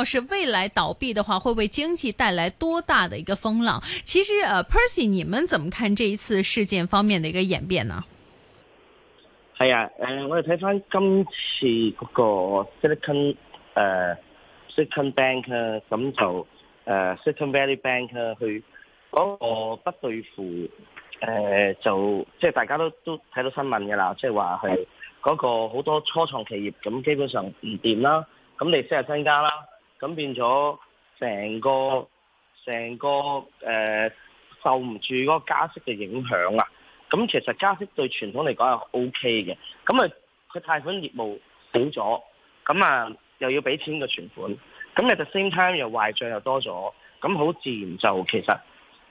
要是未來倒閉的話，會為經濟帶來多大的一個風浪？其實，Percy 你們怎麼看這一次事件方面的一個演變呢？係啊，誒、呃，我哋睇翻今次嗰個 Silicon 誒、呃、Silicon Bank 啊，咁就誒、呃、Silicon Valley Bank 啊，去嗰個不對付誒、呃，就即係大家都都睇到新聞噶啦，即係話係嗰個好多初創企業咁，基本上唔掂啦，咁利息又增加啦。咁變咗成個成個誒、呃、受唔住個個加息嘅影響啊！咁其實加息對傳統嚟講係 O K 嘅，咁啊佢貸款業務少咗，咁啊又要俾錢個存款，咁你就 same time 又壞帳又多咗，咁好自然就其實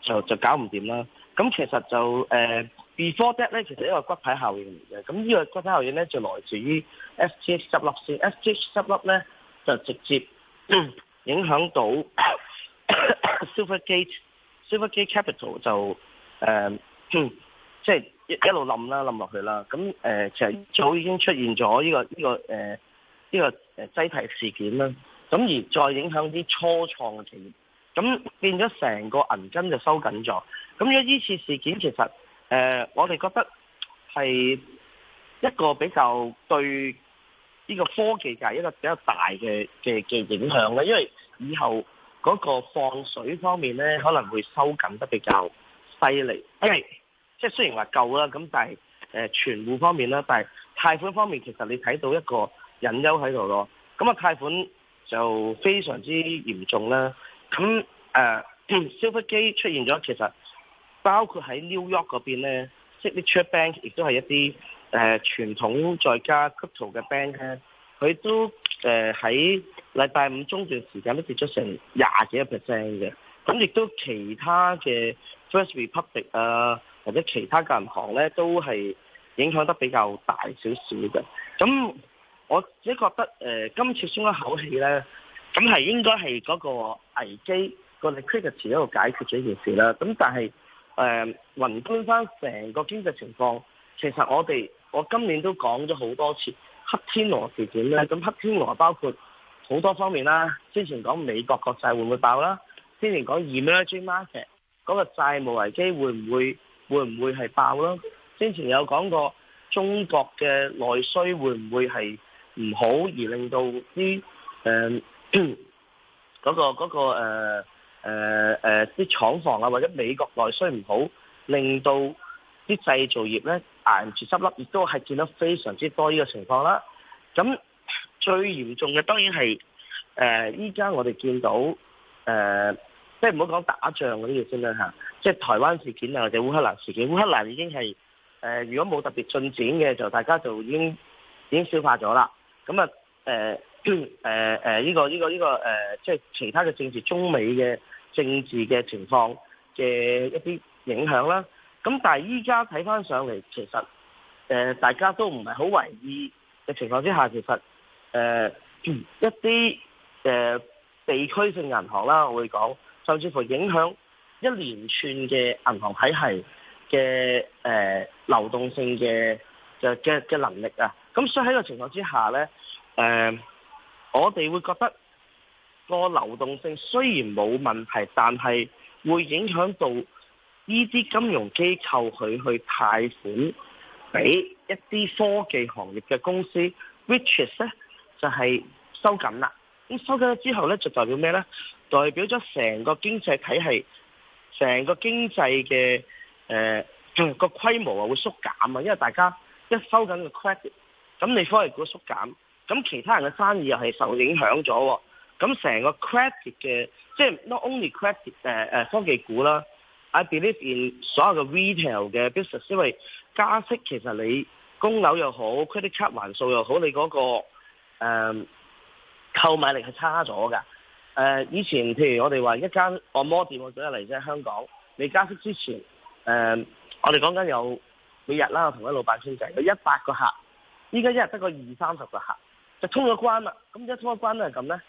就就搞唔掂啦。咁其實就誒、呃、before that 咧，其實一個骨牌效應嚟嘅，咁呢個骨牌效應咧就來自於 S T 執笠先。S T 執笠咧就直接。影響到 Silvergate、Silvergate Capital 就誒、呃，即係一一路冧啦，冧落去啦。咁誒，其實早已經出現咗呢個呢個誒呢個誒擠提事件啦。咁而再影響啲初創嘅企業，咁變咗成個銀根就收緊咗。咁依次事件其實誒、呃，我哋覺得係一個比較對。呢個科技界一個比較大嘅嘅嘅影響咧，因為以後嗰個放水方面咧，可能會收緊得比較犀利，因為即係雖然話夠啦，咁但係誒存戶方面啦，但係貸款方面其實你睇到一個隱憂喺度咯，咁啊貸款就非常之嚴重啦，咁誒 Silvergate 出現咗，其實包括喺 New York 嗰邊咧即 Signature Bank 亦都係一啲。誒傳統再加 crypto 嘅 bank 咧，佢都誒喺禮拜五中段時間都跌咗成廿幾個 percent 嘅。咁亦都其他嘅 First Republic 啊，或者其他銀行咧，都係影響得比較大少少嘅。咁我自己覺得誒、呃、今次鬆一口氣咧，咁係應該係嗰個危機、個 liquidity 一個解決咗件事啦。咁但係誒，圍、呃、觀翻成個經濟情況，其實我哋。我今年都講咗好多次黑天鵝事件咧，咁黑天鵝包括好多方面啦、啊。之前講美國國債會唔會爆啦、啊？之前講 Eurozone market 嗰個債務危機會唔會會唔會係爆啦、啊？之前有講過中國嘅內需會唔會係唔好而令到啲誒嗰個嗰、嗰個誒啲、呃呃呃嗰個、廠房啊或者美國內需唔好，令到啲製造業咧。捱唔住執笠，亦都係見得非常之多呢個情況啦。咁最嚴重嘅當然係誒依家我哋見到誒、呃，即係唔好講打仗嗰啲嘢先啦吓，即係台灣事件啊或者烏克蘭事件。烏克蘭已經係誒、呃，如果冇特別進展嘅，就大家就已經已經消化咗、呃呃這個這個這個呃、啦。咁啊誒誒誒呢個呢個呢個誒，即係其他嘅政治中美嘅政治嘅情況嘅一啲影響啦。咁但係依家睇返上嚟，其實誒、呃，大家都唔係好為意嘅情況之下，其實誒、呃，一啲誒、呃、地區性銀行啦，我會講，甚至乎影響一連串嘅銀行體系嘅誒、呃、流動性嘅嘅嘅嘅能力啊。咁、嗯、所以喺個情況之下咧，誒、呃，我哋會覺得個流動性雖然冇問題，但係會影響到。呢啲金融機構佢去貸款俾一啲科技行業嘅公司，which is 咧就係收緊啦。咁收緊之後咧就代表咩咧？代表咗成個經濟體系，成個經濟嘅個、呃、規模啊會縮減啊，因為大家一收緊個 credit，咁你科技股縮減，咁其他人嘅生意又係受影響咗。咁成個 credit 嘅，即係 not only credit 誒科技股啦。喺呢邊所有嘅 retail 嘅 business，因為加息，其實你供樓又好，credit card 還數又好，你嗰、那個誒、呃、購買力係差咗㗎。誒、呃，以前譬如我哋話一間按摩店我舉例，即係香港，你加息之前誒、呃，我哋講緊有每日啦，我同一老闆傾偈，有一百個客，依家一日得個二三十個客，就衝咗關啦。咁一衝咗關係咁咧，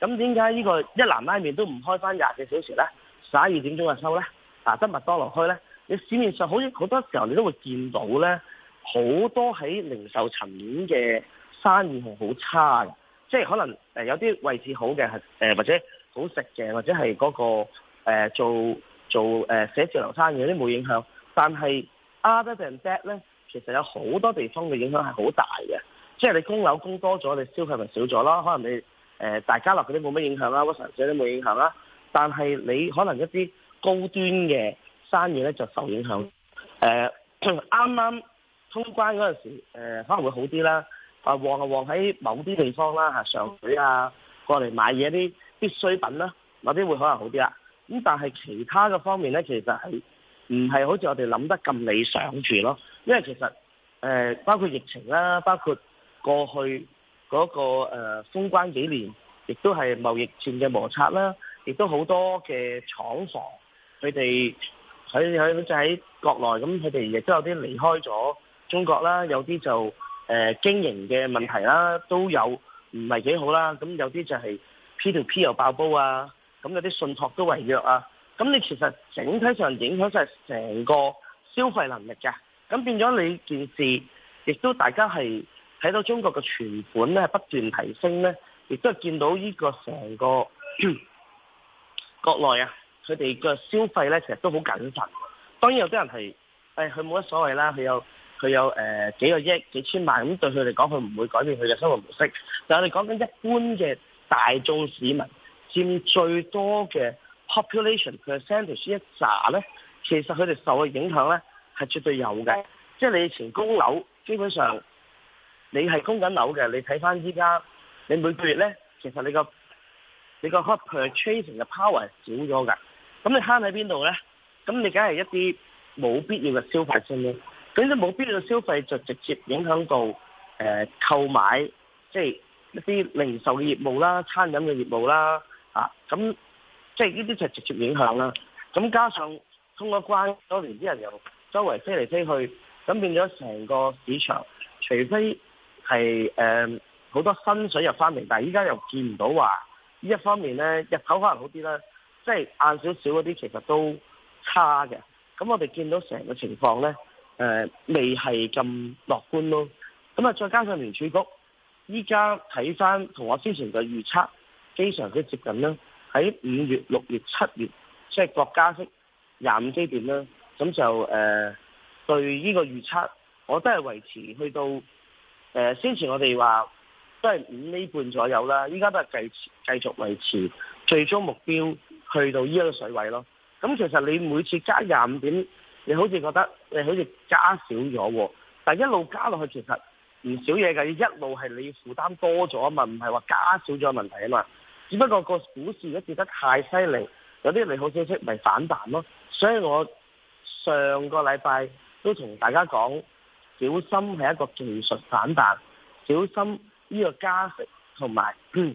咁點解呢個一蘭拉麵都唔開返廿四小時咧？十一二點鐘就收咧？嗱、啊，得麥當勞開咧，你市面上好，好多時候你都會見到咧，好多喺零售層面嘅生意係好差嘅，即係可能誒有啲位置好嘅係誒或者好食嘅或者係嗰、那個、呃、做做誒、呃、寫字樓生意啲冇影響，但係 other than that 咧，其實有好多地方嘅影響係好大嘅，即係你供樓供多咗，你消費咪少咗啦，可能你誒、呃、大家樂嗰啲冇乜影響啊，屈臣氏嗰啲冇影響啦。但係你可能一啲高端嘅生意咧就受影響。誒啱啱通關嗰陣時、呃，可能會好啲啦。啊旺啊旺喺某啲地方啦，嚇上水啊，過嚟買嘢啲必需品啦，嗱啲會可能會好啲啦。咁但係其他嘅方面咧，其實係唔係好似我哋諗得咁理想住咯？因為其實誒、呃、包括疫情啦，包括過去嗰個呃、封關幾年，亦都係貿易戰嘅摩擦啦。亦都好多嘅廠房，佢哋喺喺好似喺國內咁，佢哋亦都有啲離開咗中國啦，有啲就誒、呃、經營嘅問題啦，都有唔係幾好啦。咁有啲就係 P2P 又爆煲啊，咁有啲信託都違約啊。咁你其實整體上影響曬成個消費能力嘅，咁變咗你件事，亦都大家係睇到中國嘅存款咧係不斷提升咧，亦都見到呢個成個。國內啊，佢哋個消費咧，其實都好謹慎。當然有啲人係誒，佢冇乜所謂啦，佢有佢有誒、呃、幾個億、幾千萬咁，對佢嚟講，佢唔會改變佢嘅生活模式。但係我哋講緊一般嘅大眾市民佔最多嘅 population percentage 一咧，其實佢哋受嘅影響咧係絕對有嘅。即係你以前供樓，基本上你係供緊樓嘅，你睇翻依家你每個月咧，其實你個你個 purchase 嘅 power 係少咗㗎，咁你慳喺邊度咧？咁你梗係一啲冇必要嘅消費先啦。咁啲冇必要嘅消費就直接影響到誒、呃、購買，即、就、係、是、一啲零售嘅業務啦、餐飲嘅業務啦啊。咁即係呢啲就直接影響啦。咁加上通過關多年啲人又周圍飛嚟飛去，咁變咗成個市場，除非係誒好多薪水又翻嚟，但係依家又見唔到話。一方面咧，日頭可能好啲啦，即係晏少少嗰啲其實都差嘅。咁我哋見到成個情況咧，誒、呃、未係咁樂觀咯。咁啊，再加上聯儲局依家睇翻同我之前嘅預測非常之接近啦。喺五月、六月、七月，即、就、係、是、國加息廿五基點啦。咁就誒、呃、對呢個預測，我都係維持去到誒、呃、先前我哋話。都係五釐半左右啦，依家都係繼續維持，最終目標去到依一個水位咯。咁其實你每次加廿五點，你好似覺得你好似加少咗喎，但係一路加落去其實唔少嘢嘅，一路係你負擔多咗啊嘛，唔係話加少咗問題啊嘛。只不過個股市如果跌得太犀利，有啲利好消息咪反彈咯。所以我上個禮拜都同大家講，小心係一個技術反彈，小心。呢、這個加息同埋、嗯，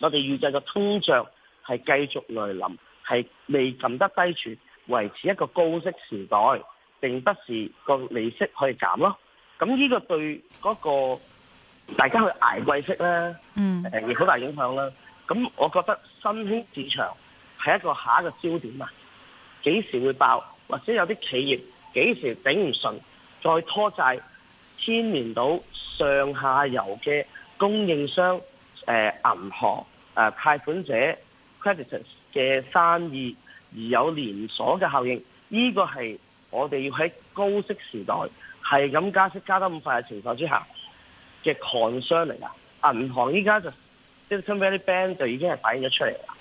我哋預計嘅通脹係繼續來臨，係未撳得低住，維持一個高息時代。並不是個利息可以減咯。咁、嗯、呢個對嗰、那個大家去捱貴息咧，嗯，誒，亦好大影響啦。咁我覺得新興市場係一個下一個焦點啊。幾時會爆？或者有啲企業幾時頂唔順，再拖債？牽連到上下游嘅供應商、誒銀行、誒貸款者 creditors 嘅生意，而有連鎖嘅效應。呢個係我哋要喺高息時代，係咁加息加得咁快嘅情況之下嘅 concern 嚟㗎。銀行依家就即係出面啲 bank 就已經係反映咗出嚟啦。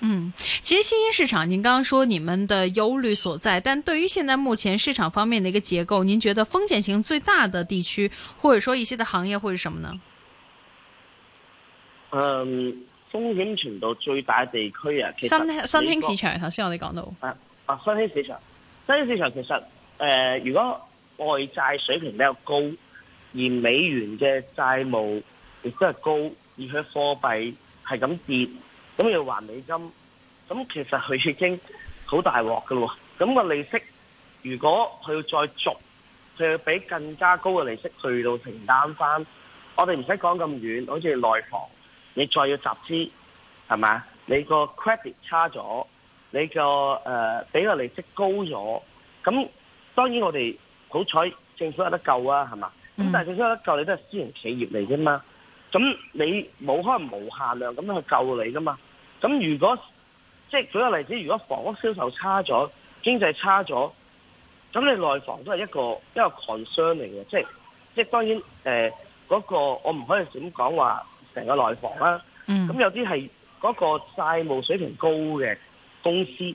嗯，其實新興市場，您剛剛說你們的憂慮所在，但對於現在目前市場方面的一個結構，您覺得風險性最大的地區，或者說一些的行業會是什麼呢？嗯，風險程度最大地區啊，其實新興新興市場頭先我哋講到，啊，新興市場，新興市場其實，誒、呃，如果外債水平比較高，而美元嘅債務亦都係高，而且貨幣係咁跌。咁要還美金，咁其實佢已經好大鑊噶咯。咁個利息，如果佢要再續，佢要俾更加高嘅利息去到承擔翻。我哋唔使講咁遠，好似內房，你再要集資，係咪啊？你個 credit 差咗，你個誒俾個利息高咗，咁當然我哋好彩政府有得救啊，係嘛？咁、mm. 但係政府有得救，你都係私營企業嚟啫嘛。咁你冇可能無限量咁樣去救你噶嘛？咁如果即係舉個例子，如果房屋銷售差咗，經濟差咗，咁你內房都係一個一個 concern 嚟嘅，即係即係當然嗰、呃嗰個我唔可以點講話成個內房啦、啊。咁、mm. 有啲係嗰個債務水平高嘅公司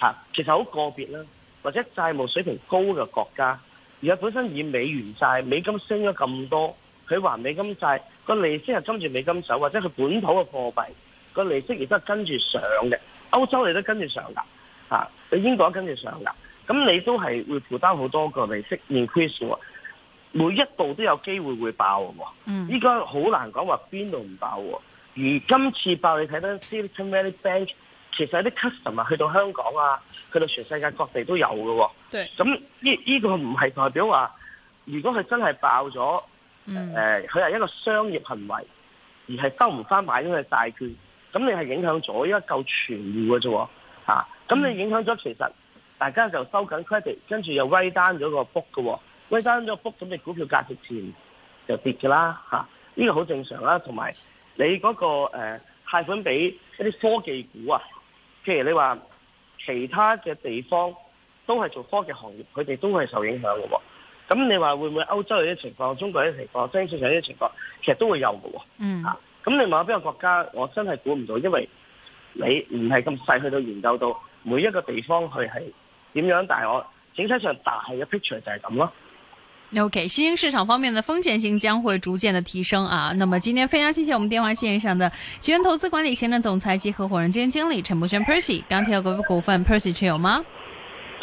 吓，其實好個別啦，或者債務水平高嘅國家，而家本身以美元債美金升咗咁多，佢還美金債個利息係跟住美金走，或者佢本土嘅貨幣。個利息亦都係跟住上嘅，歐洲你都跟住上㗎，嚇、啊，你英國跟住上㗎，咁你都係會負擔好多個利息的。increase 而佢話每一步都有機會會爆喎，依家好難講話邊度唔爆喎。而今次爆你睇到 Silicon Valley Bank 其實啲 customer 去到香港啊，去到全世界各地都有㗎喎。咁呢呢個唔係代表話，如果佢真係爆咗，誒、呃，佢、嗯、係一個商業行為，而係收唔翻買咗佢債券。咁你係影響咗因為夠全面嘅啫，喎。咁你影響咗，其實大家就收緊 credit，跟住又威單咗個 book 嘅、啊，威單咗 book，咁你股票價值錢就跌㗎啦，呢、啊呢個好正常啦、啊。同埋你嗰、嗰個誒貸款俾一啲科技股啊，譬如你話其他嘅地方都係做科技行業，佢哋都係受影響嘅、啊。咁你話會唔會歐洲有啲情況、中國有啲情況、信上有啲情況，其實都會有嘅、啊。嗯。咁你問我邊個國家，我真係估唔到，因為你唔係咁細去到研究到每一個地方去係點樣，但係我整體上大嘅 picture 就係咁咯。OK，新興市場方面嘅風險性將會逐漸嘅提升啊！那麼今天非常感謝，謝我們電話線上的集團投資管理行政總裁及合伙人兼經理陳柏軒 Percy，剛聽有個股份 Percy 持有嗎？